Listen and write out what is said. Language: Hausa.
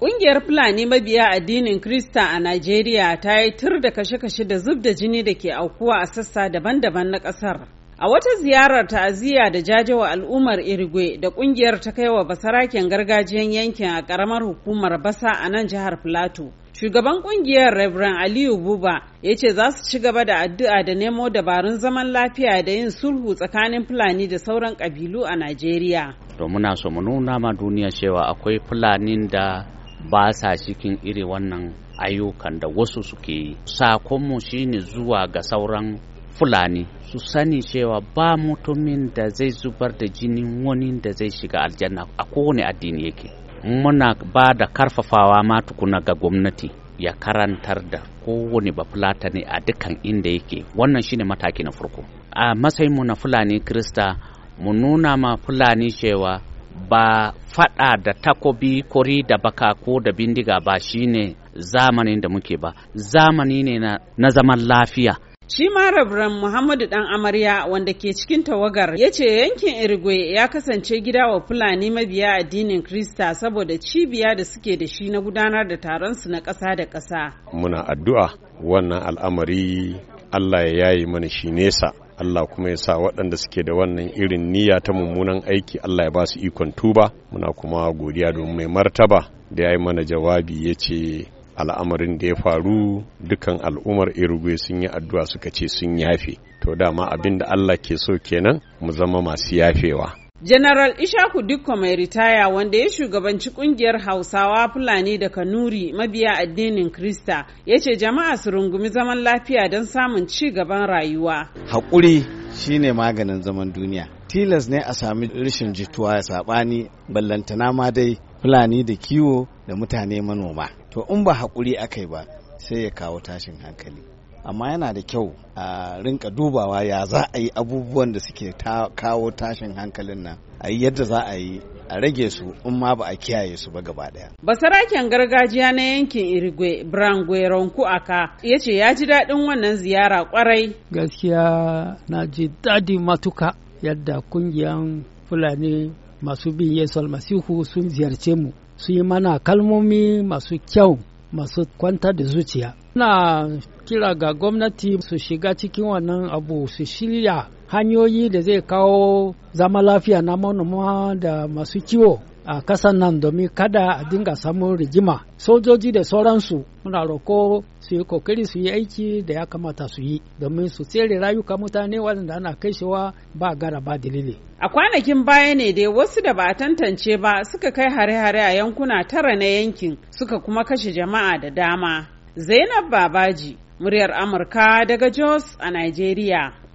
Ƙungiyar Fulani mabiya addinin Krista a Najeriya ta yi tur da kashe-kashe da zub da jini da ke aukuwa a sassa daban-daban na ƙasar. A wata ziyarar ta'aziyya da jajawa al'ummar Irigwe da ƙungiyar ta kai wa basaraken gargajiyan yankin a ƙaramar hukumar Basa a nan jihar Filato. Shugaban ƙungiyar Reverend Aliyu Buba ya ce za su ci gaba da addu'a da nemo dabarun zaman lafiya da yin sulhu tsakanin Fulani da sauran ƙabilu a Najeriya. To muna so mu nuna ma duniya cewa akwai Fulanin da ba sa cikin iri wannan ayyukan da wasu suke yi sakonmu shine zuwa ga sauran fulani su sani cewa ba mutumin da zai zubar da jinin wani da zai shiga aljanna a kowane addini yake muna ba da karfafawa ma tukuna ga gwamnati ya karantar da kowane bafulata ne a dukkan inda yake wannan shine mataki na farko a mu na fulani krista mu nuna ma fulani cewa ba faɗa da takobi kori da baka ko da bindiga ba shine zamanin da muke ba zamani ne na, na zaman lafiya Shi ma Rabran Muhammadu ɗan Amarya wanda ke cikin tawagar ya ce yankin Irigwe ya kasance gida wa Fulani mabiya addinin Krista saboda cibiya da suke da shi na gudanar da taron su na ƙasa da ƙasa. Muna addu'a wannan al'amari Allah ya yi mana shi nesa Allah kuma ya sa waɗanda suke da wannan irin niyya ta mummunan aiki Allah ya ba su ikon tuba muna kuma godiya domin mai martaba da ya yi mana jawabi ya ce al'amarin da ya faru dukan al'ummar irugwe sun yi addu'a suka ce sun yafe to dama abin da Allah ke so kenan mu zama masu yafewa General Ishaku Dikko mai ritaya wanda ya shugabanci kungiyar Hausawa Fulani da Kanuri mabiya addinin Krista ya ce jama'a su rungumi zaman lafiya don samun ci gaban rayuwa. Haƙuri shine maganin zaman duniya. Tilas ne a sami rashin jituwa ya saɓani ballantana ma dai Fulani da kiwo da mutane manoma. To in ba haƙuri aka yi ba sai ya kawo tashin hankali. amma yana da kyau a rinka dubawa ya za a yi abubuwan da suke kawo tashin hankalin nan a yi yadda za a yi a rage su in ma ba a kiyaye su ba gaba daya. Basaraken gargajiya na yankin Irigwe, Brangwe, Ronku Aka ya ce ya ji daɗin wannan ziyara kwarai. Gaskiya na ji daɗi matuka yadda kungiyan Fulani masu bin Yesu Almasihu sun ziyarce mu. Su yi mana kalmomi masu kyau masu kwanta da zuciya. Na kira ga gwamnati su shiga cikin wannan abu su shirya hanyoyi da zai kawo zama lafiya na manoma da masu kiwo a kasan nan domin kada a dinga samun rigima sojoji da sauransu muna roko su yi kokari su yi aiki da ya kamata su yi domin su tsere rayuka mutane waɗanda ana kaishewa ba gara ba dalili a kwanakin baya ne dai wasu da ba a tantance ba suka kai hare-hare a yankuna tara na yankin suka kuma kashe jama'a da dama Zainab Babaji, muryar Amurka daga Jos a Nigeria.